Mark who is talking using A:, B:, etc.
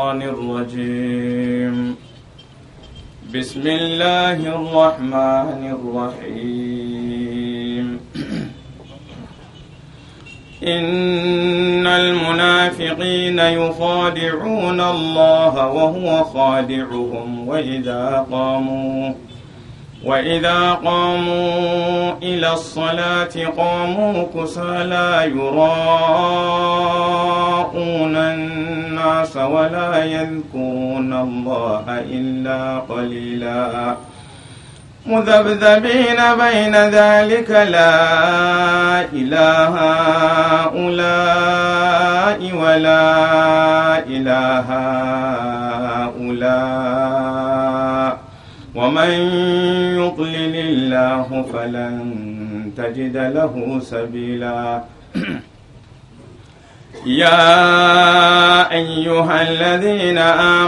A: الشيطان الرجيم بسم الله
B: الرحمن الرحيم إن المنافقين يخادعون الله وهو خادعهم وإذا قاموا وإذا قاموا إلى الصلاة قاموا كسالى يراءون الناس ولا يذكرون الله إلا قليلا مذبذبين بين ذلك لا إله هؤلاء ولا إله هؤلاء ومن يضلل الله فلن تجد له سبيلا يا أيها الذين
C: آمنوا